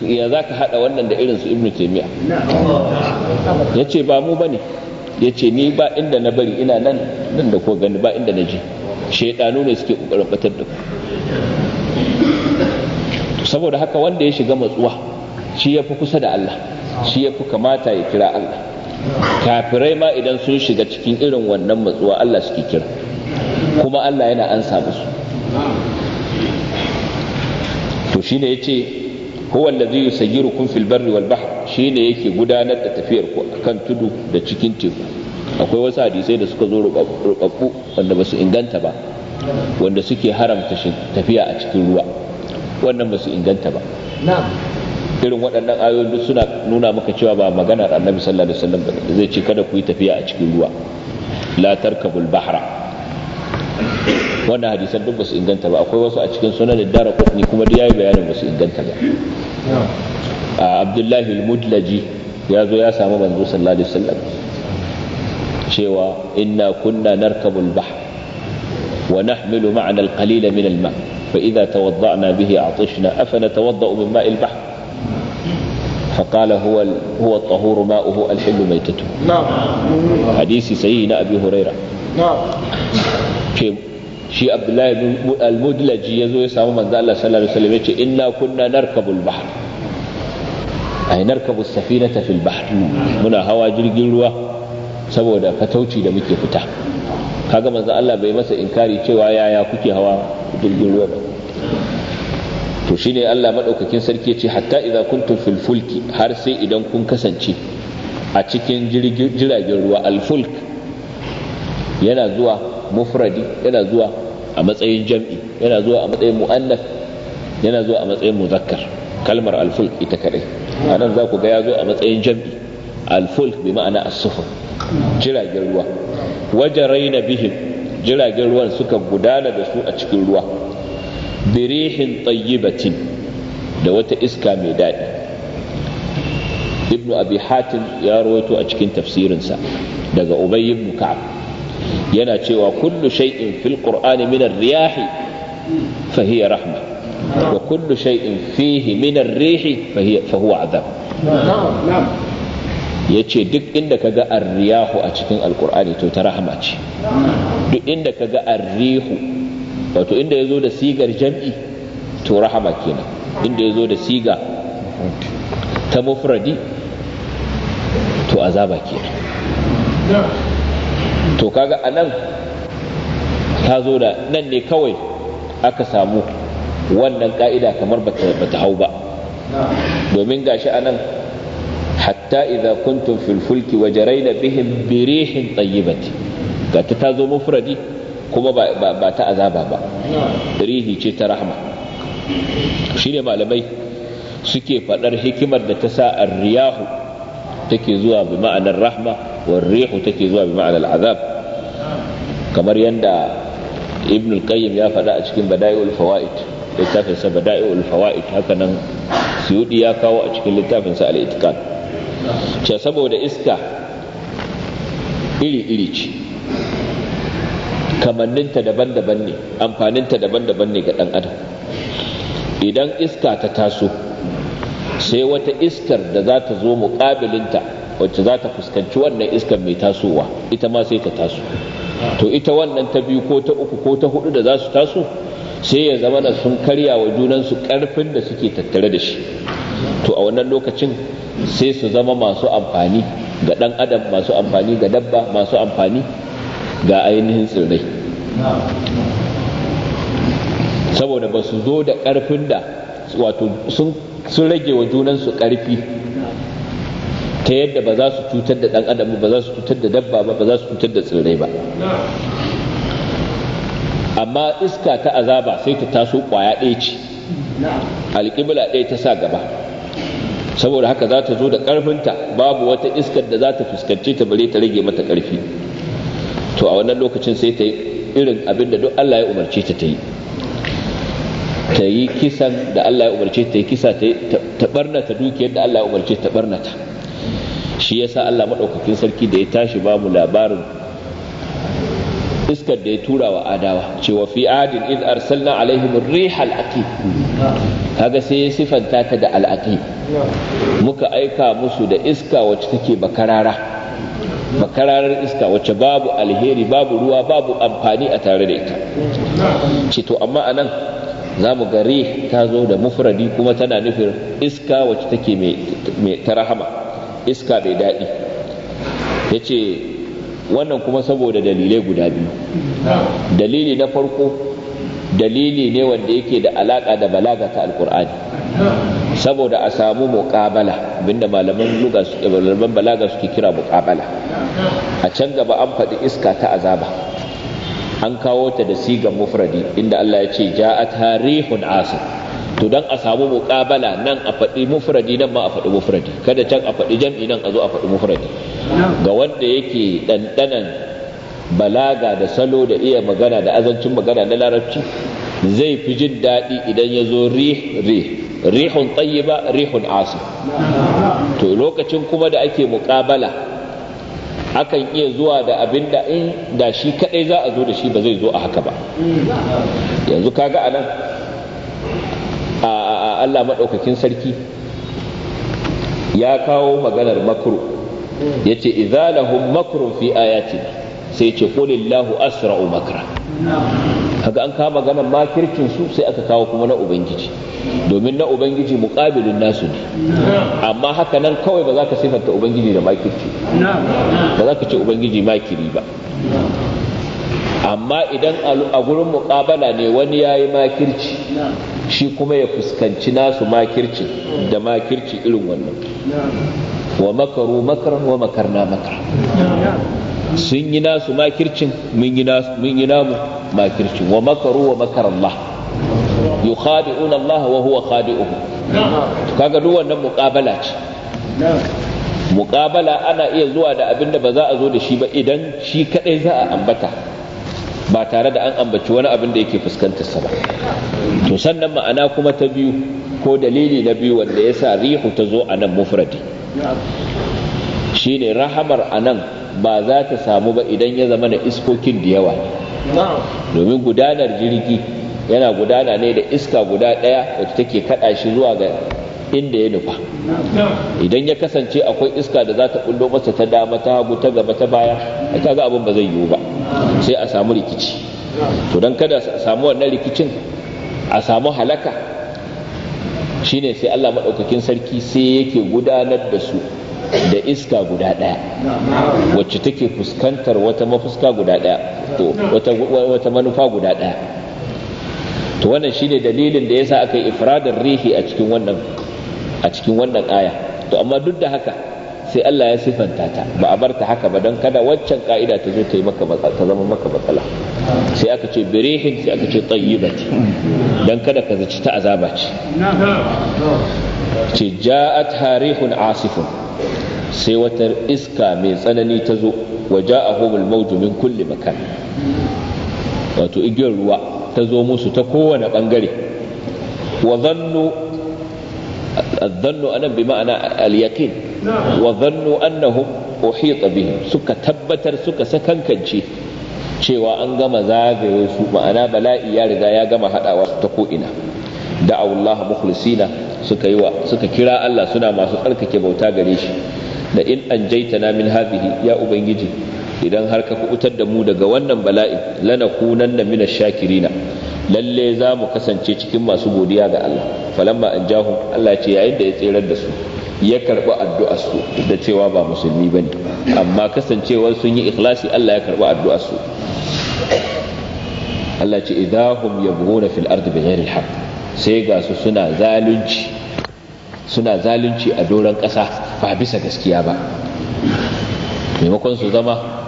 ya za ka haɗa wannan da irinsu ibn taimiya ya ce ba mu ba ne ya ni ba inda na bari ina nan nan da ko gani ba inda na je shaidanu ne suke kokarin batar da ku saboda haka wanda ya shiga matsuwa shi ya fi kusa da Allah shi ya fi kamata ya kira Allah kafirai ma idan sun shiga cikin irin wannan matsuwa Allah suke kira kuma Allah yana ansa musu to shine yace huwa allazi yusayyirukum fil barri wal bahr shine yake gudanar da tafiyar ku kan tudu da cikin teku akwai wasu hadisai da suka zo rubabbu wanda ba su inganta ba wanda suke haramta tafiya a cikin ruwa wannan ba su inganta ba irin waɗannan ayoyin duk suna nuna maka cewa ba maganar annabi sallallahu alaihi wasallam ba zai ce kada ku yi tafiya a cikin ruwa la tarkabul bahra wannan hadisan duk ba su inganta ba akwai wasu a cikin sunan dara kutni kuma da yayi bayanin ba su inganta ba abdullahi al-mudlaji ya zo ya samu manzo sallallahu alaihi wasallam cewa inna kunna narkabul bahr wa nahmilu ma'ana al-qalila min al-ma fa tawadda'na bihi atishna afana tawadda'u min ma'il bahr فقال هو هو الطهور ماؤه الحل ميتته نعم حديث سيدنا ابي هريره نعم shi abdullahi al-mudlaji ya samu manzo Allah sallallahu alaihi wasallam kunna narkabul bahr ay narkabu safinata fil bahr hawa jirgin ruwa saboda fatauci da muke fita kaga manzo Allah bai masa inkari cewa yaya kuke hawa jirgin ruwa ba to shine Allah madaukakin sarki ce hatta idza kuntum fil fulki har sai idan kun kasance a cikin jiragen ruwa al fulk yana zuwa mufradi yana zuwa a matsayin jam'i yana zuwa a matsayin mu'annas yana zuwa a matsayin muzakkar kalmar al fulk ita kadai anan za ku ga ya zo a matsayin jam'i alfulk bi ma'ana as jiragen ruwa raina bihim jiragen ruwan suka gudana da su a cikin ruwa birihin tayyibatin da wata iska mai daɗi ibnu abi hatim ya rawaito a cikin tafsirinsa daga ubay ibn ka'ab yana cewa kullu shay'in fil qur'ani min ar-riyah fa hiya rahma wa kullu shay'in fihi min ar-rih fa huwa adab ya ce duk inda ka ga arriyahu a cikin alkur'ani to ta rahama ce duk inda ka ga arrihu wato inda ya zo da sigar jam'i to rahama kenan inda ya zo da siga ta mufradi to azaba kenan to kaga anan ta zo da nan ne kawai aka samu wannan ka'ida kamar bata hau ba domin gashi anan hatta idza kuntum fil fulki raina jarayna bihim bi rihin tayyibati ga ta zo mufradi kuma ba ta azaba ba rihi ce ta rahma shine malamai suke fadar hikimar da ta sa ar-riyahu take zuwa bi ma'anar rahma war rihu take zuwa bi ma'anar kamar yadda ibn al ya faɗa a cikin bada'iul fawaid littafinsa bada'i'ul fawaid haka nan ya kawo a cikin littafinsa al-itqan ce saboda iska iri-iri ce kamanninta daban-daban ne amfaninta daban-daban ne ga ɗan adam idan iska ta taso sai wata iskar da za ta zo muƙabilinta wacce za ta fuskanci wannan iskar mai tasowa ita ma sai ta taso to ita wannan ta biyu ko ta uku ko ta hudu da za su taso sai ya zama da sun karya wa junansu karfin da suke tattare da shi to a wannan lokacin sai su zama masu amfani ga ɗan adam masu amfani ga dabba masu amfani ga ainihin tsirrai saboda ba su zo da ƙarfin da wato sun rage wa junansu ƙarfi ta yadda ba za su cutar da ɗan adam ba za su cutar da dabba ba ba za su cutar da tsirrai ba amma iska ta azaba sai ta taso kwaya ɗaya ce alƙibla ɗaya ta sa gaba saboda haka za ta zo da ƙarfinta babu wata iskar da za ta fuskanci ta bare ta rage mata ƙarfi to a wannan lokacin sai ta yi irin abin da duk Allah ya umarce ta ta yi ta yi kisan da Allah ya umarce ta yi kisa ta barnata dukiyar da Allah ya umarce ta barnata shi yasa Allah maɗaukakin sarki da ya tashi babu labarin iskar da ya tura wa adawa cewa fi adin id arsalna alaihim al aqib kaga sai ya sifanta ta da al'aqi muka aika musu da iska wacce take bakarara bakararar iska wacce babu alheri babu ruwa babu amfani a tare da ita ce to amma anan za mu gare ta zo da mufradi kuma tana nufin iska wacce take mai ta iska mai daɗi ya ce wannan kuma saboda dalilai guda biyu dalili na farko dalili ne wanda yake da alaƙa da balaga ta alkur'ani saboda a samu muƙabala abinda malaman luga malaman balaga suke kira muƙabala a can gaba an faɗi iska ta azaba an kawo ta da sigan mufradi inda Allah ya ce ja'at tarihun asif to dan a samu muqabala nan a faɗi mufradi nan ma a faɗi mufradi kada can a faɗi jam'i nan a zo a faɗi mufradi ga wanda yake ɗanɗanan balaga da salo da iya magana da azancin magana na larabci zai fi jin daɗi idan ya zo rih rih rihun tayyiba rihun asu to lokacin kuma da ake muqabala akan iya zuwa da abin da in da shi kadai za a zo da shi ba zai zo a haka ba yanzu kaga anan a Allah maɗaukakin sarki ya kawo maganar makru ya ce idalahum makrun fi ayatina sai ce qulillahu asra'u makra kaga an kawo maganar makircin su sai aka kawo kuma na ubangiji domin na ubangiji muqabilun nasu ne amma haka nan kawai ba za ka sifanta ubangiji da makirci ba za ka ce ubangiji makiri ba amma idan a gurin muqabala ne wani ya yi makirci shi kuma ya fuskanci nasu makirci da makirci irin wannan wa makaru makaran wa makarna makara sun yi nasu makircin mun yi namu makircin wa makaru wa makaran Allah yukhadi'una Allah wa huwa khadi'uhu kaga duk wannan muqabala ce muqabala ana iya zuwa da abinda ba za a zo da shi ba idan shi kadai za a ambata ba tare da an ambaci wani abin da yake fuskantar sa ba to sannan ma'ana kuma ta biyu ko dalili na biyu wanda ya sa rihu ta zo a nan mufradi shine rahamar a nan ba za ta samu ba idan ya zama na iskokin da yawa domin gudanar jirgi yana gudana ne da iska guda ɗaya wacce take kaɗa shi zuwa ga inda ya nufa idan ya kasance akwai iska da za ta kullo masa ta dama ta hagu ta gaba ta baya ta ga abin ba zai yiwu ba sai a samu rikici to dan kada a samu wannan rikicin a samu halaka shine sai Allah maɗaukakin sarki sai yake gudanar da su da iska guda ɗaya wacce take fuskantar wata mafuska guda ɗaya to wata manufa guda ɗaya to wannan shine dalilin da yasa aka yi ifradar rihi a cikin wannan a cikin wannan aya to amma duk da haka sai Allah ya sifanta ta ba a barta haka ba don kada waccan ka'ida ta zo ta yi maka ta zama maka matsala sai aka ce birihin sai aka ce tayyibati don kada ka zaci ta azaba ce ce ja'at harihun asifun sai wata iska mai tsanani ta zo waje a homin mawju min kulli makan wato igiyar ruwa ta zo musu ta kowane bangare wa zannu الظن أنا بمعنى اليقين وظنوا أنهم أحيط بهم سك تبتر سك سكن كنشي cewa an gama zagaye su ma'ana bala'i ya riga ya gama haɗawa ta ko'ina da'aw Allah mukhlisina suka yi suka kira Allah suna masu tsarkake bauta gare shi da in an anjaytana min habihi ya ubangiji idan har ka kubutar da mu daga wannan bala'in bala'i lanakunanna minash shakirina lalle za mu kasance cikin masu godiya ga Allah falamma an jahu Allah ce yayin da ya tserar da su ya karɓi addu'ar su da cewa ba musulmi ba ne amma kasancewar sun yi ikhlasi Allah ya karbi addu'ar su Allah ce idahum yabghuna fil ardi bighairi alhaq sai ga su suna zalunci suna zalunci a doron ƙasa ba bisa gaskiya ba maimakon su zama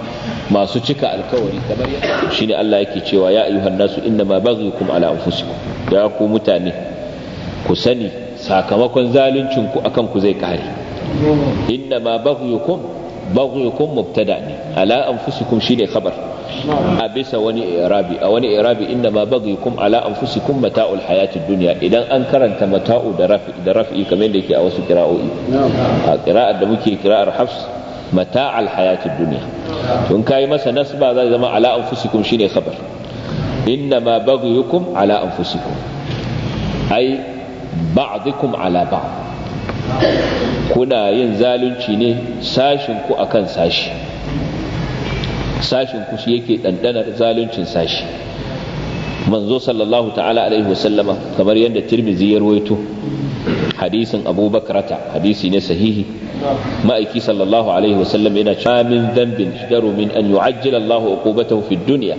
masu cika alkawari kamar yadda shine Allah yake cewa ya ayyuhan nasu innama baghyukum ala anfusikum ya ku mutane ku sani sakamakon zaluncin ku akan ku zai kare innama baghyukum baghyukum mubtada ne ala anfusikum shine khabar a bisa wani irabi a wani irabi innama baghyukum ala anfusikum mata'ul hayatid dunya idan an karanta mata'u da rafi da rafi kamar yadda yake a wasu qira'o'i a qira'ar da muke qira'ar hafs mata alhayatid duniya tun kayi masa nasba zai zama ala anfusikum shine khabar inna ma baghiyukum ala anfusikum ai ba'dikum ala ba'd kuna yin zalunci ne sashin ku akan sashi sashin ku shi yake dandanar zaluncin sashi manzo sallallahu ta'ala alaihi wasallama kamar yadda tirmizi ya ruwaito hadisin abubakrata hadisi ne sahihi ma'aiki sallallahu alaihi wasallam yana cewa min dhanbin sharu min an yu'ajjila Allahu uqubatahu fid dunya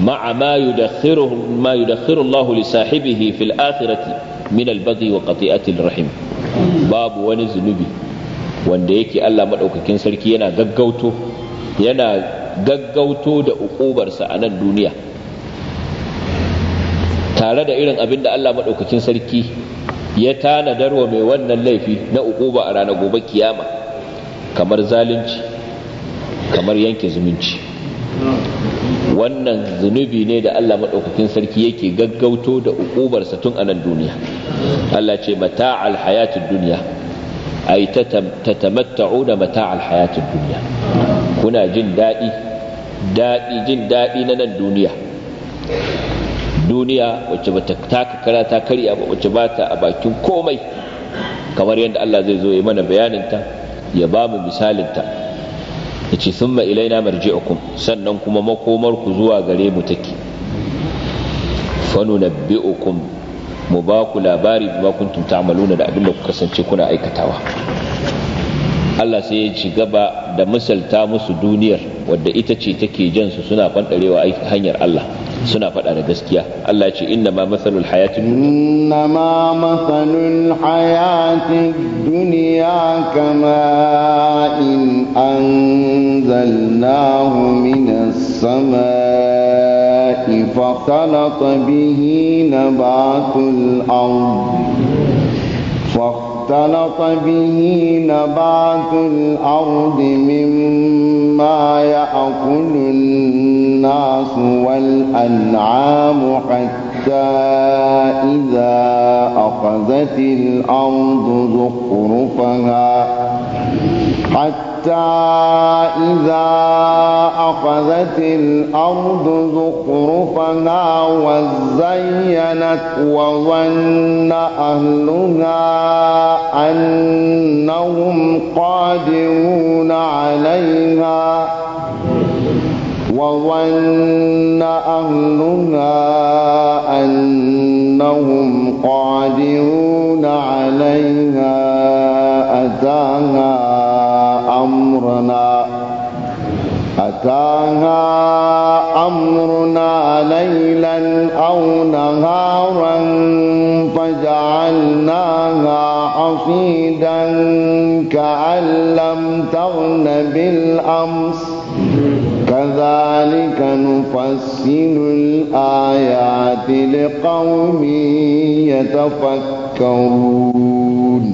ma'a ma yudakhiruhu ma yudakhiru Allahu li sahibihi fil akhirati min al-baghi wa qati'ati rahim babu wani zunubi wanda yake Allah madaukakin sarki yana gaggauto yana gaggauto da uqubarsa a nan duniya tare da irin abin Allah maɗaukakin sarki ya tanadar wa mai wannan laifi na ukuba a ranar gobe kiyama kamar zalunci kamar yanke zumunci wannan zunubi ne da Allah maɗaukakin sarki yake gaggauto da ukubarsa tun a nan duniya Allah ce mata alhayatun duniya ai tatamatta'u da mata alhayatun duniya kuna jin daɗi daɗi jin daɗi na nan duniya duniya wacce ba ta taka kara ta karya ba wacce ba ta a bakin komai kamar yadda Allah zai zo ya mana bayaninta ya ba mu misalinta ya ce sun ma ilaina marji'ukum sannan kuma ku zuwa gare mu take fanu nabbi'ukum mu ba ku labari ba tunta amaluna da abinda ku kasance kuna aikatawa Allah sai ya ci gaba da misalta musu duniyar wadda ita ce take jansu su suna fanɗarewa hanyar Allah suna faɗa da gaskiya Allah ce inna ma masalul hayatin inna ma masalul hayatin duniya kama in anzalnahu minas sama'i fakhtalata bihi nabatul ardh واختلط به نبات الأرض مما يأكل الناس والأنعام حتى إذا أخذت الأرض زخرفها حتى إذا أخذت الأرض زخرفها وزينت وظن أهلها أنهم قادرون عليها وظن أهلها أنهم قادرون عليها أتاها أمرنا ليلا أو نهارا فجعلناها حصيدا كأن لم تغن بالأمس كذلك نفصل الآيات لقوم يتفكرون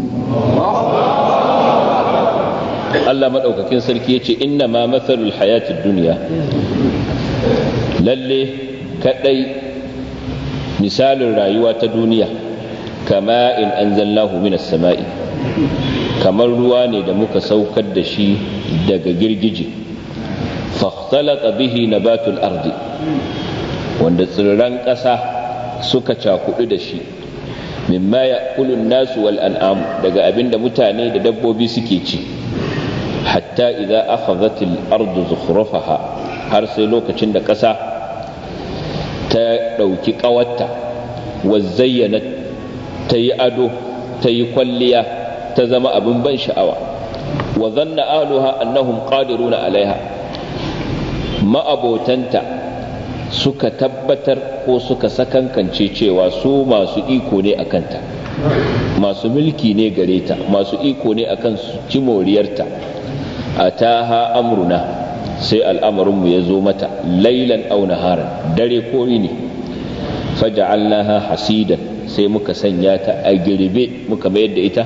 Allah maɗaukakin sarki yace inna ma mathalul hayatid duniya. lalle kaɗai misalin rayuwa ta duniya kama in anzallahu minas sama'i kamar ruwa ne da muka saukar da shi daga girgije fakhtalata bihi nabatul ardi wanda tsirran ƙasa suka cakudu da shi mimma ya'kulun nasu wal an'am daga abinda mutane da dabbobi suke ci hatta idza akhadhat ardu zukhrufaha har sai lokacin da ƙasa ta ɗauki ƙawarta wa zayyana ta yi ado ta yi kwalliya ta zama abin ban sha'awa wa zanna ahluha annahum qadiruna alaiha ma'abotanta suka tabbatar ko suka sakankance cewa su masu iko ne a kanta masu mulki ne gare ta masu iko ne a kan moriyarta. ataha amruna sai al'amarin ya zo mata lailan aw naharan dare ko ne faj'alnaha hasidan sai muka sanya ta a girbe muka mayar da ita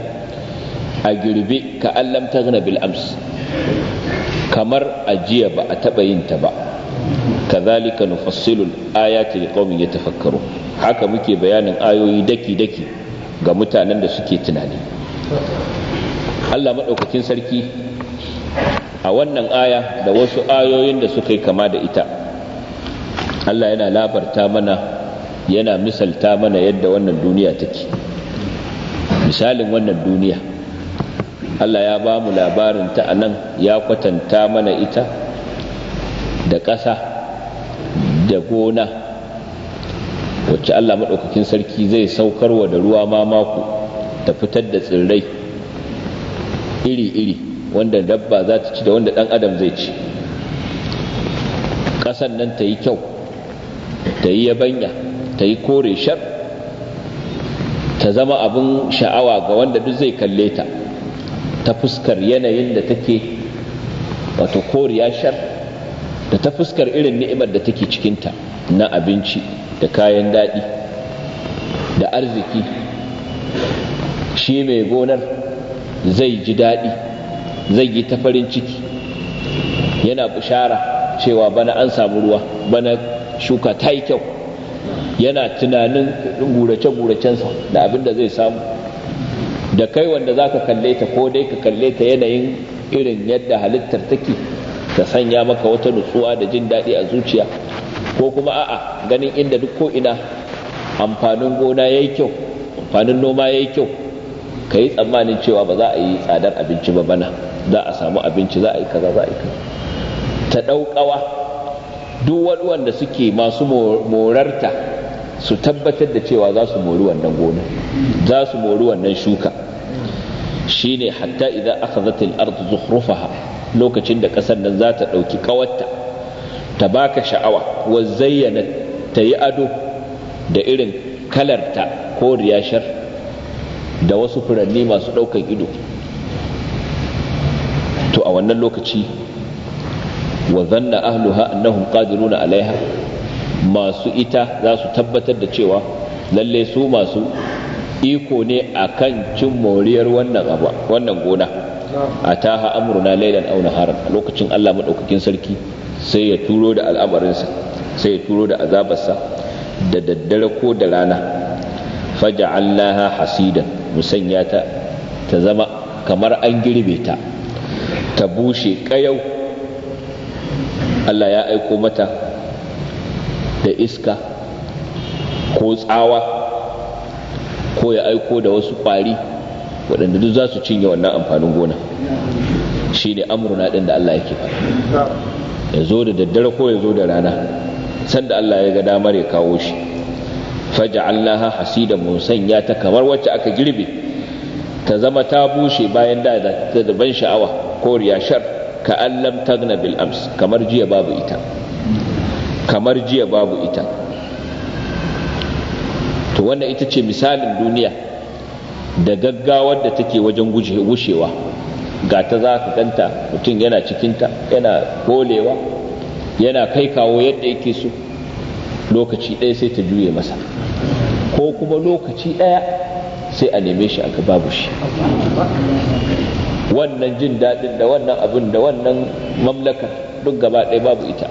a girbe ka allam taghna bil ams kamar ajiya ba a taba yin ta ba kazalika nufassilu ayati liqaumin yatafakkaru haka muke bayanin ayoyi daki daki ga mutanen da suke tunani Allah madaukakin sarki a wannan aya da wasu ayoyin da suka yi kama da ita Allah yana labarta mana yana misalta mana yadda wannan duniya take misalin wannan duniya Allah ya ba mu labarin ta a nan ya kwatanta mana ita da ƙasa da gona wacce Allah maɗaukakin sarki zai saukarwa da ruwa ma mako ta fitar da tsirrai iri-iri wanda dabba za ta ci da wanda dan adam zai ci ƙasan nan ta yi kyau ta yi yabanya ta yi kore shar ta zama abin sha'awa ga wanda duk zai kalle ta ta fuskar yanayin da take wato koriya shar da ta fuskar irin ni'imar da take cikinta na abinci da kayan daɗi da arziki shi mai gonar zai ji daɗi zai yi ta farin ciki yana bishara cewa bana an samu ruwa bana shuka ta yi kyau yana tunanin gurace-guracensa da abin da zai samu da kai wanda za ka kalle ta ko dai ka kalle ta yanayin irin yadda halittar take ta sanya maka wata nutsuwa da jin daɗi a zuciya ko kuma a'a ganin inda duk ko ina amfanin gona ya yi kyau amfanin noma ya yi kyau ka yi tsammanin cewa ba za a yi tsadar abinci ba bana za a samu abinci za a yi kaza za a yi kaza ta ɗaukawa duk wani da suke masu morarta su tabbatar da cewa za su mori wannan gona za su mori wannan shuka shi ne hatta idan aka zata al'ardu zuhrufaha lokacin da ƙasar nan za ta ɗauki ƙawarta ta baka sha'awa wa zayyana ta yi ado da irin kalarta ko riyashar da wasu furanni masu ɗaukan ido to a wannan lokaci wa zanna ahluha annahum qadiruna alaiha masu ita za su tabbatar da cewa lalle su masu iko ne akan cin moriyar wannan abu wannan gona a taha amruna lailan aw naharan lokacin Allah madaukakin sarki sai ya turo da al'amarinsa sai ya turo da azabarsa da daddare ko da rana faja'allaha hasidan musanya ta ta zama kamar an girbe ta ta bushe ƙayau Allah ya aiko mata da iska ko tsawa ko ya aiko da wasu ƙwari waɗanda duk za su cinye wannan amfanin gona shi ne amurna ɗin da Allah yake faɗa ya zo da daddare ko ya zo da rana sanda Allah ya ga damar ya kawo shi faja'alnaha hasidan musanya ya ta kamar wacce aka girbe ta zama ta bushe bayan da da ban sha'awa ko shar ka allam tagna bil ams kamar jiya babu ita kamar jiya babu ita to wannan ita ce misalin duniya da gaggawar da take wajen gushewa ga ta za ka ganta mutum yana cikinta yana kolewa yana kai kawo yadda yake so lokaci ɗaya sai ta juye masa ko kuma lokaci ɗaya sai a neme shi aka babu shi wannan jin daɗin da wannan abin da wannan mamlaka duk gaba ɗaya babu ita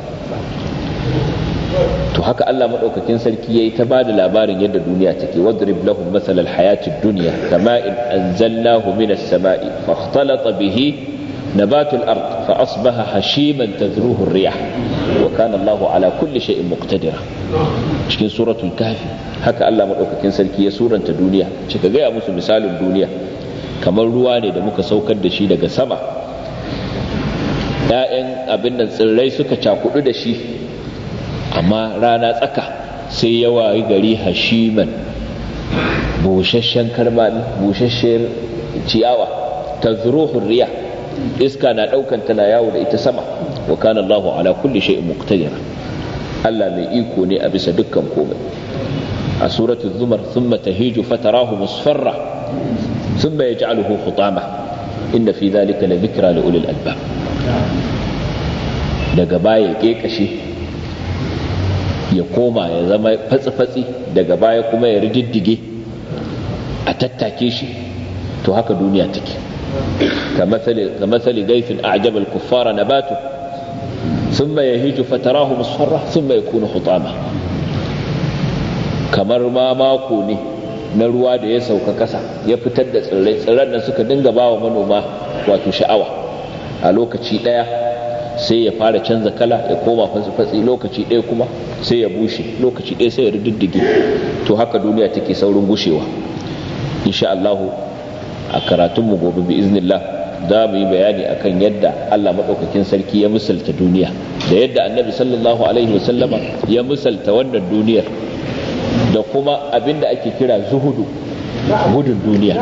to haka Allah madaukakin sarki yayi ta bada labarin yadda duniya take wadrib lahum masal alhayati dunya kama'in anzalnahu minas sama'i fakhtalata bihi نبات الأرض فأصبح هشيما تذروه الرياح وكان الله ala kulli شيء مقتدرا cikin suratul kafi haka Allah madaukakin sarki ya suranta duniya cika gaya musu misalin duniya kamar ruwa ne da muka saukar da shi daga sama ‘ya'yan abin da tsirrai suka cakudu da shi amma rana tsaka sai ya gari hashiman busasshen busasshen ciyawa ta zuruhun riya iska na ɗaukan tana yawo da ita sama wa kana Allahu ala kulli shay'in muqtadir Allah mai iko ne a bisa dukkan komai a suratul zumar thumma tahiju fatarahu musfarra ثم يجعله خطامة إن في ذلك لذكرى لأولي الألباب daga baya ke kashe ya koma ya zama fatsi-fatsi daga baya kuma ya rididdige a tattake shi to haka duniya take ka matsali gaifin a ajabal kuffara na batu sun mai hiju fatarahu musfarra sun mai kuna hutama kamar ma mako ne na ruwa da ya sauka ƙasa ya fitar da tsirrai tsirran nan suka dinga ba wa manoma wato sha'awa a lokaci ɗaya sai ya fara canza kala ya koma fatsi lokaci ɗaya kuma sai ya bushe lokaci ɗaya sai ya riddige to haka duniya take saurin gushewa insha Allah a karatunmu gobe bi iznillah za mu yi bayani akan yadda Allah maɗaukakin sarki ya misalta duniya da yadda annabi sallallahu alaihi wasallama ya misalta wannan duniyar da kuma abinda ake kira zuhudu gudun duniya